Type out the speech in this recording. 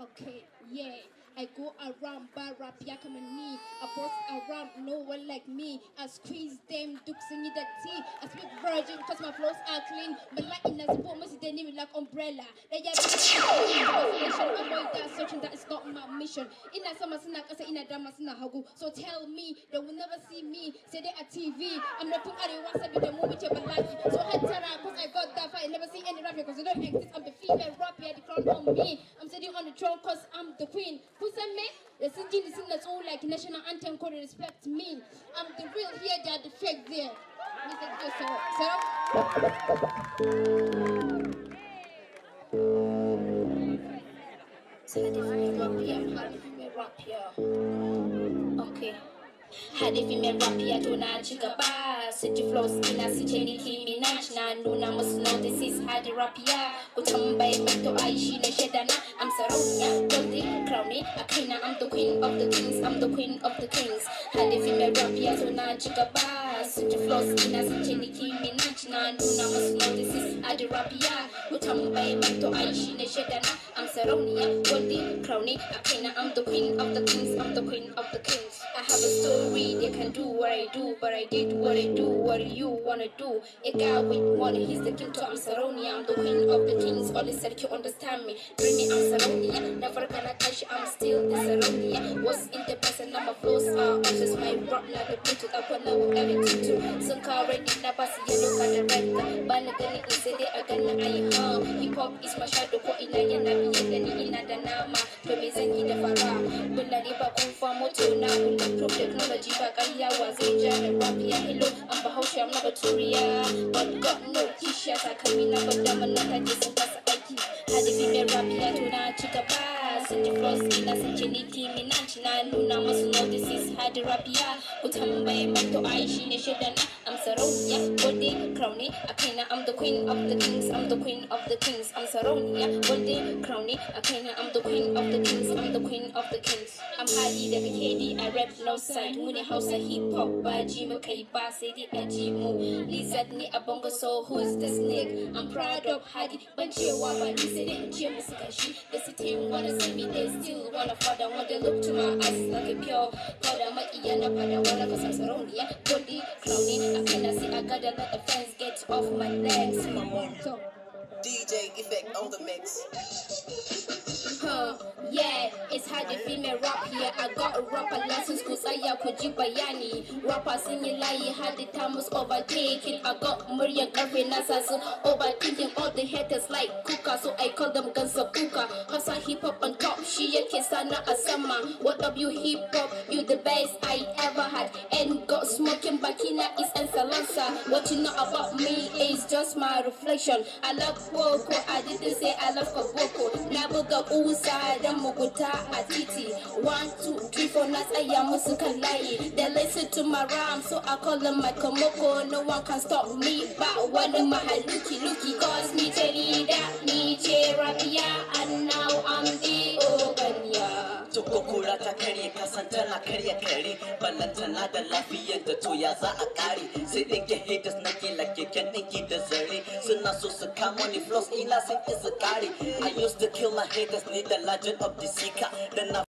Okay, yeah. I go around, rap. barra, piakamani. I boss around, no one like me. I squeeze them, dukes in the tea. I speak virgin, cause my flows are clean. But like in as poor, must they need like umbrella. They have avoid that searching, that is not my mission. In a summer snack, I say in a drama hagu. So tell me, they will never see me. Say they are TV. I'm not putting any one side with the movie, So I tell her, cause I got that fight. I never see any rapper, cause you don't exist. I'm the female rapper, the crown on me strong because I'm the queen. Kusan me? The singing is in sun na like national anthem ko respect me. I'm the real here, they are the fake there. Ni zan je so. So. So the rap here hadi vimerapia tunachika basi jifloskina sicheniki minach na nuna musnotisis hadi rapia kutambai mito aishi ne shedana I'm saronya goldi crowny akina I'm the queen of the kings I'm the queen of the kings hadi vimerapia tunachika basi jifloskina sicheniki minach na nuna musnotisis hadi rapia kutambai mito aishi ne shedana I'm saronya goldi crowny akina I'm the queen of the kings I'm the queen of a story. You can do what I do, but I did what I do. What do you wanna do? A guy with money, he's the king to I'm Saroni. I'm the queen of the kings. All is said, you understand me. Bring me, I'm Saroni. Never gonna catch you, I'm still the Saroni. What's in the present, now my flows are just my rock, now the put it up on our everything too. Some car ready, now pass you, look at the red. But I'm gonna easy, I'm gonna I home. up is my shadow ko ina yana biye da ni ina da nama to me zan yi da fara bulla riba kun famo to na bulla proof technology ba ƙarya wa zai ja da rap hello an ba haushe amma baturiya but god no kishiya takalmi na bada mana ta je sun kasa aiki hadibi mai rap ya to na ci gaba sun ji floss ina sun ce ni kimi na ci na nuna masu no this is hadi rap ya ku tambaye mato ai shine shaida na amsa ya gode crony. Akina, I'm the queen of the kings, I'm the queen of the kings, I'm Saronia, Golden crony. Akina, I'm the queen of the kings, I'm the queen of the kings. I'm Hadi, daga I rap no side. House a hip hop, Baji, Makai, Ba, aji mo. Lizard, ni Abongo, so who's the snake? I'm proud of Hadi, but Jewa, but Lizard, Jim, Sakashi. The city wanna see me, they still wanna father, want to look to my eyes like a pure. Koda, Makiana, Padawana, cause I'm Saronia, Golden crony. Akina, see, I got another fan hands get off my legs. Memento. DJ effect on the mix. Huh, yeah, it's hard to female rap here. I got a rapper license cause I am Kujibayani. Rapper singing like you had the time was overtaken. I got Maria girlfriend assassin overthinking all the haters like Kuka. So I call them Guns of Cause I hip hop on top. She a kiss and not a summer. What up, you hip hop? You the best I ever had. And got smoking bakina is and salsa. What you know about me is just my reflection. I love Coco. I didn't say I love Koboko. Nabuga Usa, Damuguta, Atiti. One, two, three, four, nights. I am Musukalai. They listen to my rhyme, so I call them my Komoko. No one can stop me. But one of my Haluki, Luki, God. tana karya kare balantana da lafiyar da to ya za a kare sai dai ke haters na ke like keken niki da zare suna so su kamo ni floss ina sun isa kare i used to kill my haters need the legend of the seeker